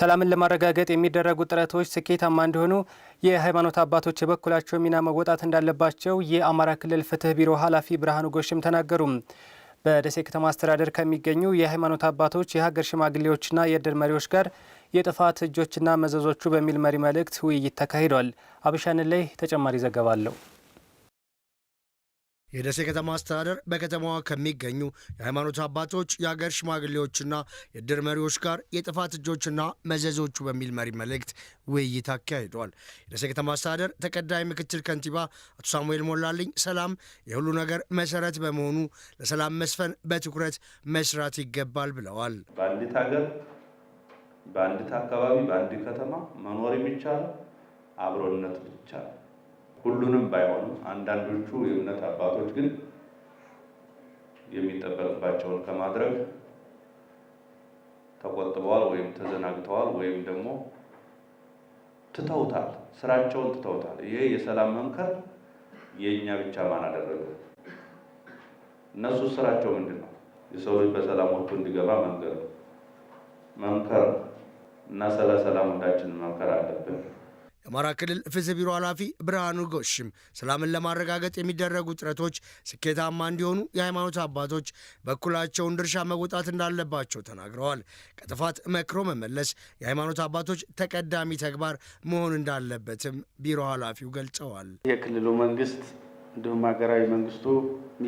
ሰላምን ለማረጋገጥ የሚደረጉ ጥረቶች ስኬታማ እንዲሆኑ የሃይማኖት አባቶች የበኩላቸው ሚና መወጣት እንዳለባቸው የአማራ ክልል ፍትህ ቢሮ ኃላፊ ብርሃኑ ጎሽም ተናገሩ። በደሴ ከተማ አስተዳደር ከሚገኙ የሃይማኖት አባቶች፣ የሀገር ሽማግሌዎችና የእድር መሪዎች ጋር የጥፋት እጆችና መዘዞቹ በሚል መሪ መልእክት ውይይት ተካሂዷል። አብሻን ላይ ተጨማሪ ዘገባ አለው። የደሴ ከተማ አስተዳደር በከተማዋ ከሚገኙ የሃይማኖት አባቶች፣ የአገር ሽማግሌዎችና የድር መሪዎች ጋር የጥፋት እጆችና መዘዞቹ በሚል መሪ መልእክት ውይይት አካሂዷል። የደሴ ከተማ አስተዳደር ተቀዳሚ ምክትል ከንቲባ አቶ ሳሙኤል ሞላልኝ ሰላም የሁሉ ነገር መሰረት በመሆኑ ለሰላም መስፈን በትኩረት መስራት ይገባል ብለዋል። በአንዲት ሀገር፣ በአንዲት አካባቢ፣ በአንዲት ከተማ መኖር የሚቻለው አብሮነት ብቻ ነው። ሁሉንም ባይሆኑ አንዳንዶቹ የእምነት አባቶች ግን የሚጠበቅባቸውን ከማድረግ ተቆጥበዋል ወይም ተዘናግተዋል ወይም ደግሞ ትተውታል፣ ስራቸውን ትተውታል። ይሄ የሰላም መምከር የእኛ ብቻ ማን አደረገ? እነሱ ስራቸው ምንድን ነው? የሰው ልጅ በሰላም ወጥቶ እንዲገባ መንገር መምከር እና ስለ ሰላም መምከር አለብን። የአማራ ክልል ፍትህ ቢሮ ኃላፊ ብርሃኑ ጎሽም ሰላምን ለማረጋገጥ የሚደረጉ ጥረቶች ስኬታማ እንዲሆኑ የሃይማኖት አባቶች በኩላቸውን ድርሻ መወጣት እንዳለባቸው ተናግረዋል። ከጥፋት መክሮ መመለስ የሃይማኖት አባቶች ተቀዳሚ ተግባር መሆን እንዳለበትም ቢሮ ኃላፊው ገልጸዋል። የክልሉ መንግስት እንዲሁም ሀገራዊ መንግስቱ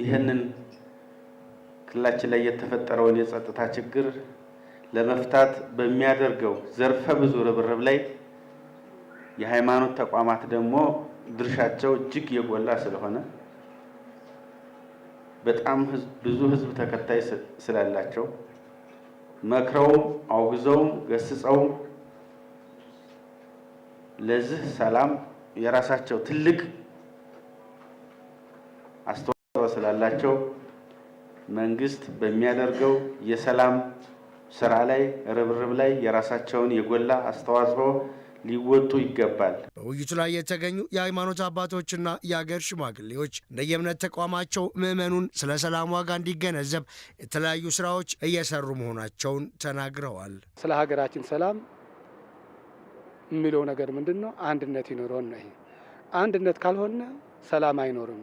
ይህንን ክልላችን ላይ የተፈጠረውን የጸጥታ ችግር ለመፍታት በሚያደርገው ዘርፈ ብዙ ርብርብ ላይ የሃይማኖት ተቋማት ደግሞ ድርሻቸው እጅግ የጎላ ስለሆነ በጣም ብዙ ህዝብ ተከታይ ስላላቸው መክረውም አውግዘውም ገስጸውም ለዚህ ሰላም የራሳቸው ትልቅ አስተዋጽኦ ስላላቸው መንግስት በሚያደርገው የሰላም ስራ ላይ ርብርብ ላይ የራሳቸውን የጎላ አስተዋጽኦ ሊወጡ ይገባል። በውይይቱ ላይ የተገኙ የሃይማኖት አባቶችና የአገር ሽማግሌዎች እንደየእምነት ተቋማቸው ምዕመኑን ስለ ሰላም ዋጋ እንዲገነዘብ የተለያዩ ስራዎች እየሰሩ መሆናቸውን ተናግረዋል። ስለ ሀገራችን ሰላም የሚለው ነገር ምንድን ነው? አንድነት ይኖረን ነው። ይሄ አንድነት ካልሆነ ሰላም አይኖርም።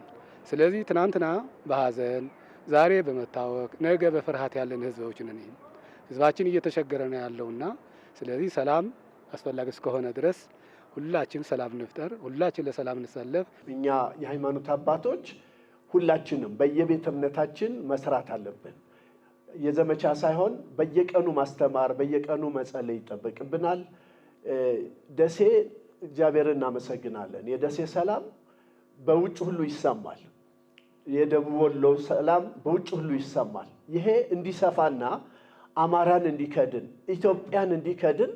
ስለዚህ ትናንትና በሀዘን ዛሬ በመታወቅ ነገ በፍርሃት ያለን ህዝቦችን ህዝባችን እየተቸገረ ነው ያለውና ስለዚህ ሰላም አስፈላጊ እስከሆነ ድረስ ሁላችን ሰላም እንፍጠር፣ ሁላችን ለሰላም እንሰለፍ። እኛ የሃይማኖት አባቶች ሁላችንም በየቤተ እምነታችን መስራት አለብን። የዘመቻ ሳይሆን በየቀኑ ማስተማር፣ በየቀኑ መጸለይ ይጠበቅብናል። ደሴ እግዚአብሔርን እናመሰግናለን። የደሴ ሰላም በውጭ ሁሉ ይሰማል። የደቡብ ወሎ ሰላም በውጭ ሁሉ ይሰማል። ይሄ እንዲሰፋና አማራን እንዲከድን ኢትዮጵያን እንዲከድን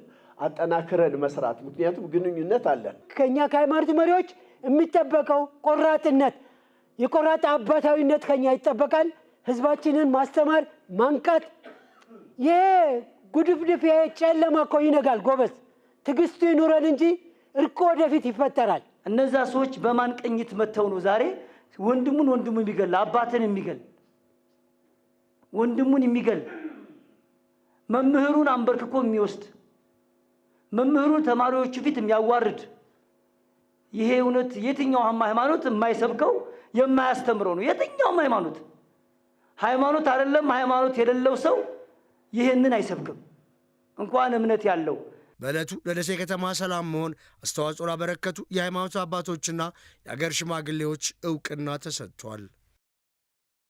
አጠናክረን መስራት። ምክንያቱም ግንኙነት አለን። ከኛ ከሃይማኖት መሪዎች የሚጠበቀው ቆራጥነት፣ የቆራጥ አባታዊነት ከኛ ይጠበቃል። ህዝባችንን ማስተማር፣ ማንቃት። ይሄ ጉድፍድፍ፣ ይሄ ጨለማ እኮ ይነጋል ጎበዝ። ትግስቱ ይኑረን እንጂ እርቅ ወደፊት ይፈጠራል። እነዛ ሰዎች በማን ቅኝት መጥተው ነው ዛሬ ወንድሙን ወንድሙ የሚገል አባትን የሚገል ወንድሙን የሚገል መምህሩን አንበርክኮ የሚወስድ መምህሩ ተማሪዎቹ ፊት የሚያዋርድ ይሄ እውነት የትኛውም ሃይማኖት የማይሰብከው የማያስተምረው ነው። የትኛውም ሃይማኖት ሃይማኖት አይደለም ሃይማኖት የሌለው ሰው ይህንን አይሰብክም፣ እንኳን እምነት ያለው። በዕለቱ ለደሴ ከተማ ሰላም መሆን አስተዋጽኦ ላበረከቱ የሃይማኖት አባቶችና የአገር ሽማግሌዎች እውቅና ተሰጥቷል።